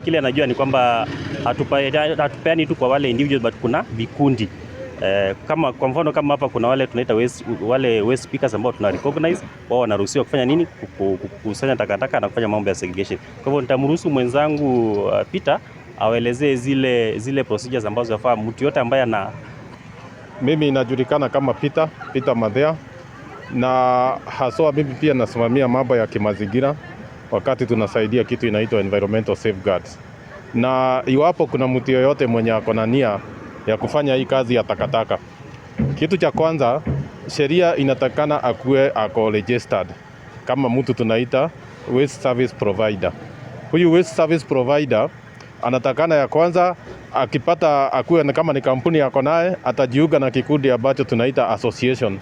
Kile anajua ni kwamba hatupeani tu kwa wale individual but kuna vikundi eh, kama kwa mfano kama hapa kuna wale tunaita waste, wale waste speakers ambao tuna recognize wao wanaruhusiwa kufanya nini, kukusanya takataka na kufanya mambo ya segregation. Kwa hivyo nitamruhusu mwenzangu uh, Peter awaelezee zile, zile procedures ambazo yafaa mtu yote ambaye ana mimi najulikana kama Peter, Peter Madhea na haswa mimi pia nasimamia mambo ya kimazingira wakati tunasaidia kitu inaitwa environmental safeguards. Na iwapo kuna mtu yoyote mwenye ako na nia ya kufanya hii kazi ya takataka, kitu cha kwanza sheria inatakana akuwe ako registered kama mtu tunaita waste service provider. Huyu waste service provider anatakana ya kwanza akipata akuwe kama ni kampuni yako naye atajiunga na kikundi ambacho tunaita association.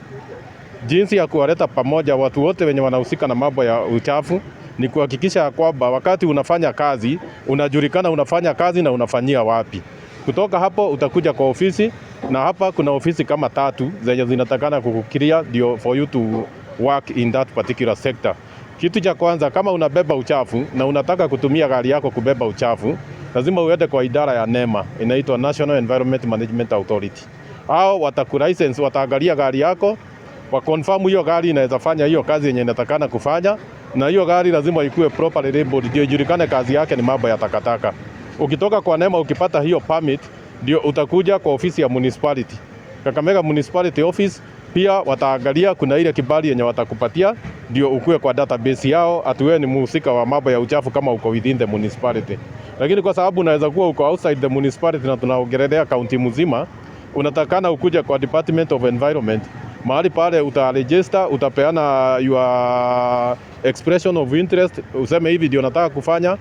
Jinsi ya kuwaleta pamoja watu wote wenye wanahusika na mambo ya uchafu ni kuhakikisha kwamba wakati unafanya kazi unajulikana unafanya kazi na unafanyia wapi. Kutoka hapo utakuja kwa ofisi, na hapa kuna ofisi kama tatu zenye zinatakana kukukiria ndio for you to work in that particular sector. Kitu cha kwanza, kama unabeba uchafu na unataka kutumia gari yako kubeba uchafu, lazima uende kwa idara ya NEMA, inaitwa National Environment Management Authority. Hao watakulicense, wataangalia gari yako wa confirm hiyo gari inaweza fanya hiyo kazi yenye inatakana kufanya, na hiyo gari lazima ikuwe properly labeled ndio ijulikane kazi yake ni mambo ya takataka. Ukitoka kwa NEMA ukipata hiyo permit, ndio utakuja kwa ofisi ya municipality Kakamega Municipality Office. Pia wataangalia kuna ile kibali yenye watakupatia, ndio ukue kwa database yao atuwe ni muhusika wa mambo ya uchafu kama uko within the municipality. Lakini kwa sababu unaweza kuwa uko outside the municipality na tunaongelea kaunti mzima, unatakana ukuja kwa Department of Environment mahali pale utaregister, utapeana your expression of interest, useme hivi ndio nataka kufanya,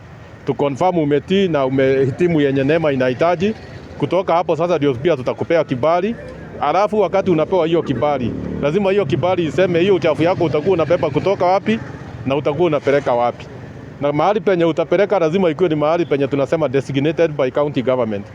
to confirm umetii na umehitimu yenye neema inahitaji. Kutoka hapo sasa ndio pia tutakupea kibali. Alafu wakati unapewa hiyo kibali, lazima hiyo kibali iseme hiyo uchafu yako utakuwa unabeba kutoka wapi na utakuwa unapeleka wapi, na mahali penye utapeleka lazima ikuwe ni mahali penye tunasema designated by county government.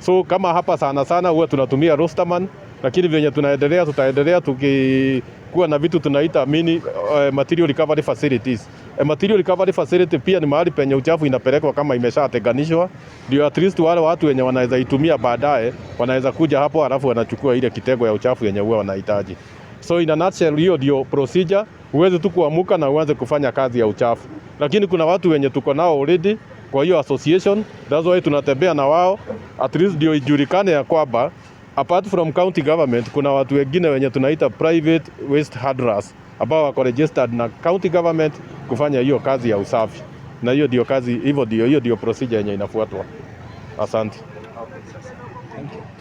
So kama hapa sana sana huwa tunatumia rosterman lakini venye tunaendelea tutaendelea tukikuwa na vitu tunaita mini uh, material recovery facilities. A eh, material recovery facility pia ni mahali penye uchafu inapelekwa kama imeshatenganishwa, ndio at least wale watu wenye wanaweza itumia baadaye wanaweza kuja hapo, halafu wanachukua ile kitego ya uchafu yenye huwa wanahitaji. So in a nutshell, hiyo ndio procedure. Huwezi tu kuamuka na uanze kufanya kazi ya uchafu, lakini kuna watu wenye tuko nao already kwa hiyo association, that's why tunatembea na wao at least ndio ijulikane ya kwamba apart from county government kuna watu wengine wenye tunaita private waste haulders ambao wako registered na county government kufanya hiyo kazi ya usafi, na hiyo ndio kazi, hivyo ndio hiyo ndio procedure yenye inafuatwa. Asante. Okay,